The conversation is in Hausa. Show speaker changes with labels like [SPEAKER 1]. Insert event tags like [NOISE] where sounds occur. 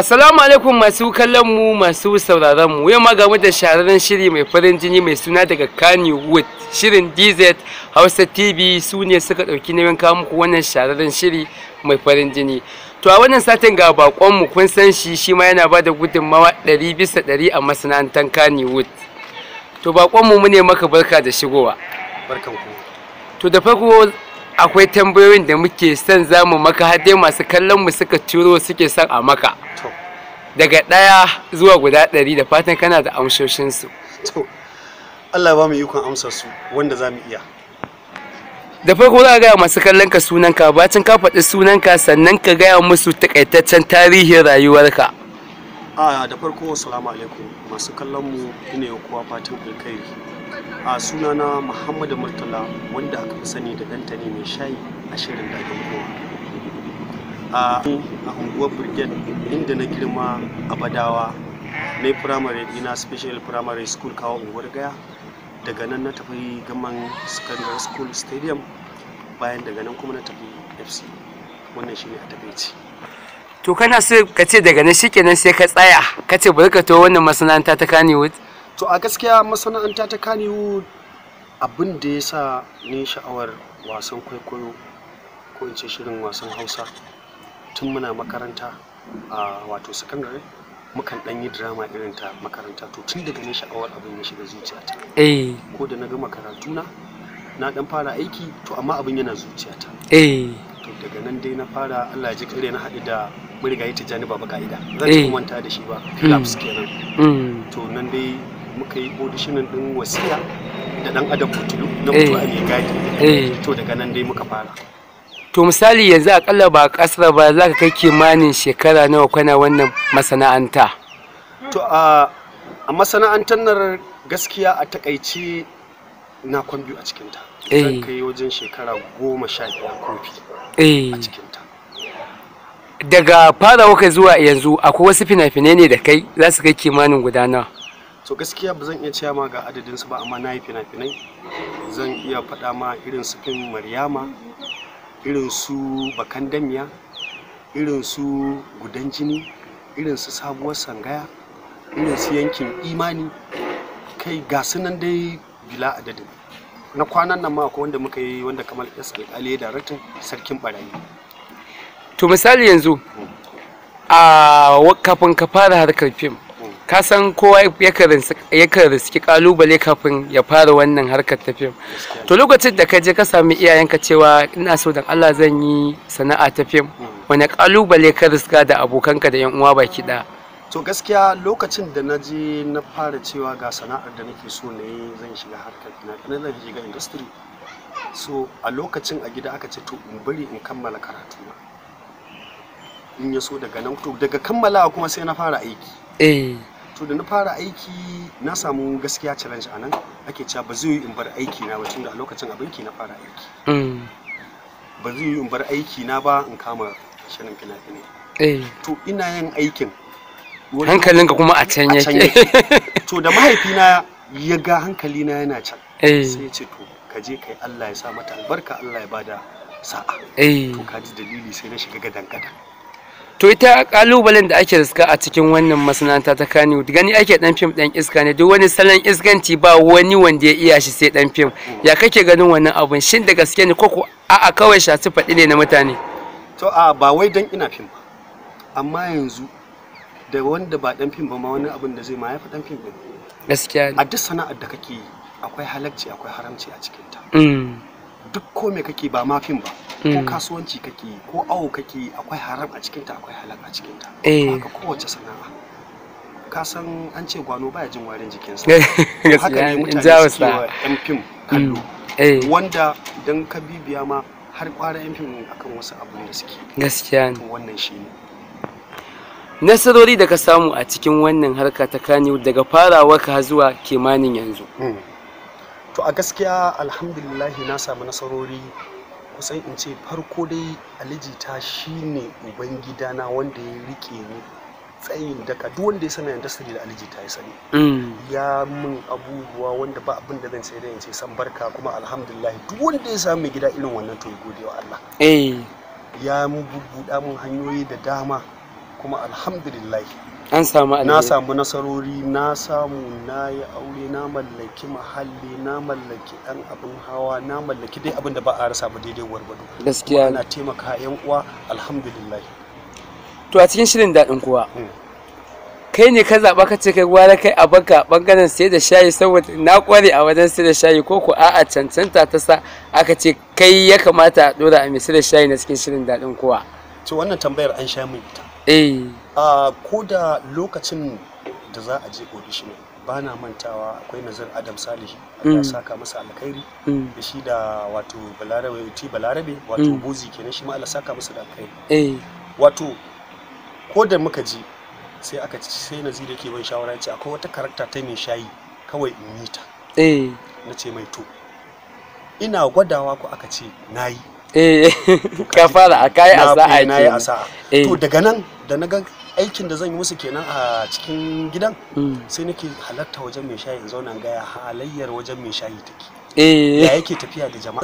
[SPEAKER 1] Assalamu alaikum masu kallon mu masu sauraron mu yau ma ga da shahararren shiri mai farin jini mai suna daga Kanye Wood shirin DZ Hausa TV su ne suka ɗauki nauyin kawo muku wannan shahararren shiri mai farin jini to a wannan satin ga bakon mu kun san shi shi ma yana bada gudunmawa 100 bisa a masana'antar Kanye Wood to bakon mu ne maka barka da shigowa barkan to da farko akwai tambayoyin da muke son za mu maka har dai masu kallon mu suka turo suke son a maka daga ɗaya zuwa guda ɗari da fatan kana da amsoshinsu.
[SPEAKER 2] Allah ba mu ikon amsa su wanda za mu iya
[SPEAKER 1] da farko za ka gaya masu kallon ka sunanka bacin ka faɗi sunanka sannan ka gaya musu takaitaccen tarihin rayuwarka
[SPEAKER 2] a da farko assalamu alaikum masu kallon mu ina kowa fatan alkhairi a sunana muhammadu murtala wanda aka fi sani da dantane mai shayi a shirin daɗin kowa a unguwar birgen inda na girma a badawa na yi firamare dina special primary school kawo unguwar gaya daga nan na tafi gaman secondary school stadium bayan daga nan kuma na tafi fc wannan shine a tafi
[SPEAKER 1] to kana so ka ce daga nan shikenan sai ka tsaya ka ce bari ka to wannan masana'anta ta Kaniwood?
[SPEAKER 2] to a gaskiya masana'anta ta kaniwood abin da ya sa ni sha'awar wasan kwaikwayo ko in ce shirin wasan hausa tun muna makaranta a wato sakandare mukan dan yi drama irin ta makaranta to tun daga ni sha'awar abin ya shiga zuciyata eh ko da na gama karatuna na dan fara aiki to amma abin yana zuciyata eh to daga nan dai na fara Allah ya ji kare na haɗu da murigayi tijjani baba ka'ida zan ci eh. manta da shi ba laps hmm. kenan hmm. to nan dai muka yi auditionin din wasiya da dan adam butulu na eh. mutu a mai gadi eh. to daga nan dai muka fara
[SPEAKER 1] to misali yanzu akalla ba kasar ba za ka kai kimanin shekara nawa kana wannan masana'anta
[SPEAKER 2] to a masana'antar nan gaskiya a takaici na kwan biyu a cikinta zan eh. kai wajen shekara goma sha biyar kofi a cikinta
[SPEAKER 1] daga farawa kai zuwa yanzu akwai wasu fina-finai ne da kai za su kai kimanin gudanarwa
[SPEAKER 2] To gaskiya ba zan iya cewa ma ga adadin su ba amma na yi fina-finai zan iya faɗa ma irin su fin maryama irin su bakan damiya irin su gudan jini irin su sabuwar sangaya irin su yankin imani kai ga nan dai bila adadin na kwanan nan ma akwai wanda muka yi wanda kamar sk alƙali daraktan sarkin barayi
[SPEAKER 1] to misali yanzu a kafin ka fara harkar fim ka san kowa yakan riski kalubale kafin ya fara wannan harkar tafiya to lokacin da ka je ka sami iyayenka cewa ina so dan Allah zan yi sana'a ta fim wani kalubale ka riska da abokanka da yan uwa baki ɗaya
[SPEAKER 2] to gaskiya lokacin da na je na fara cewa ga sana'ar da nake so na yi zan shiga harkar na zan shiga industry so a lokacin a gida aka ce to in bari in kammala karatu in ya so daga nan to daga kammalawa kuma sai na fara aiki eh to da na fara aiki na samu gaskiya challenge a nan ake cewa ba zai yi in bar aiki na ba tun da a lokacin ki na fara aiki mm. ba zai yi in bar aiki na ba in kama shirin fina-finai eh. to ina yin aikin hankalinka kuma a can yake to da mahaifina ya ga hankali na yana can eh. sai ya ce to ka je kai Allah ya sa mata albarka Allah ya bada
[SPEAKER 1] sa'a eh. to
[SPEAKER 2] ka ji dalili sai na shiga gadan gadan
[SPEAKER 1] to ita kalubalen da ake riska a cikin wannan masana'anta ta kaniwood gani ake dan fim dan iska ne duk wani salon iskanci ba wani wanda ya iya shi sai dan fim ya kake ganin wannan abu? shin da gaske ne koko a'a kawai shasu faɗi ne na mutane
[SPEAKER 2] to a ba wai dan ina fim ba amma yanzu da wanda ba dan fim ba ma wani abin da zai ma fa dan fim ba. gaskiya a duk sana'ar da kake yi akwai halacci akwai haramci a cikin ta mm. duk ko me kake ba ma fim ba ko hmm. kasuwanci kake ko awo kake akwai haram a cikinta akwai halal a cikinta eh. haka kowace sana'a ka san an ce gwano baya jin warin jikinsa [LAUGHS] haka ne mutane suke wa yan
[SPEAKER 1] kallo hmm. eh.
[SPEAKER 2] wanda don ka bibiya ma har kwara yan fim akan wasu abu da suke gaskiya wannan shi ne
[SPEAKER 1] nasarori da ka samu a cikin wannan harka ta kaniyu daga farawa ka zuwa kimanin yanzu hmm.
[SPEAKER 2] to a gaskiya alhamdulillahi na samu nasarori kusan in ce farko dai alijita shine uban gidana wanda ya rike ni tsayin daka duk wanda ya sani industry da alijita ya sani mm. ya min abubuwa wanda ba abin da zan sai dai in ce san barka kuma alhamdulillah duk wanda ya samu gida irin wannan to ya gode wa Allah eh. ya mun bubbuɗa mun hanyoyi da dama kuma alhamdulillah an samu na samu nasarori na samu na yi aure na mallaki mahalli na mallaki ɗan abin hawa na mallaki dai abin da ba a rasa ba daidai gwargwado gaskiya ana taimaka yan uwa alhamdulillah
[SPEAKER 1] to a cikin shirin daɗin kuwa
[SPEAKER 2] hmm. kai ne ka zaɓa ka ce kai
[SPEAKER 1] gwara kai a baka ɓangaren sai da shayi saboda na ƙware a wajen sai da shayi ko ko a'a cancanta ta sa aka ce kai ya kamata a ɗora a mai sai da shayi na cikin shirin daɗin kuwa.
[SPEAKER 2] to wannan tambayar an sha min ita Eh. ko da lokacin da za a je audition ba na mantawa akwai nazar adam salihi ya mm. saka masa alkhairi mm. da shi da wato balarabe uti balarabe wato mm. buzi kenan shi ma Allah saka masa da alkhairi eh. wato ko da muka ji sai aka ci sai nazir yake ban shawara ce akwai wata karakta ta mai shayi kawai in yi ta eh. na ce mai to ina gwadawa ko aka ce nayi
[SPEAKER 1] ka fara a kai a sa'a
[SPEAKER 2] to daga nan da na ga aikin da zan yi musu kenan a cikin gidan mm. sai nake halarta wajen mai shayi in zauna gaya halayyar wajen mai shayi take eh. ya yake
[SPEAKER 1] tafiya da jama'a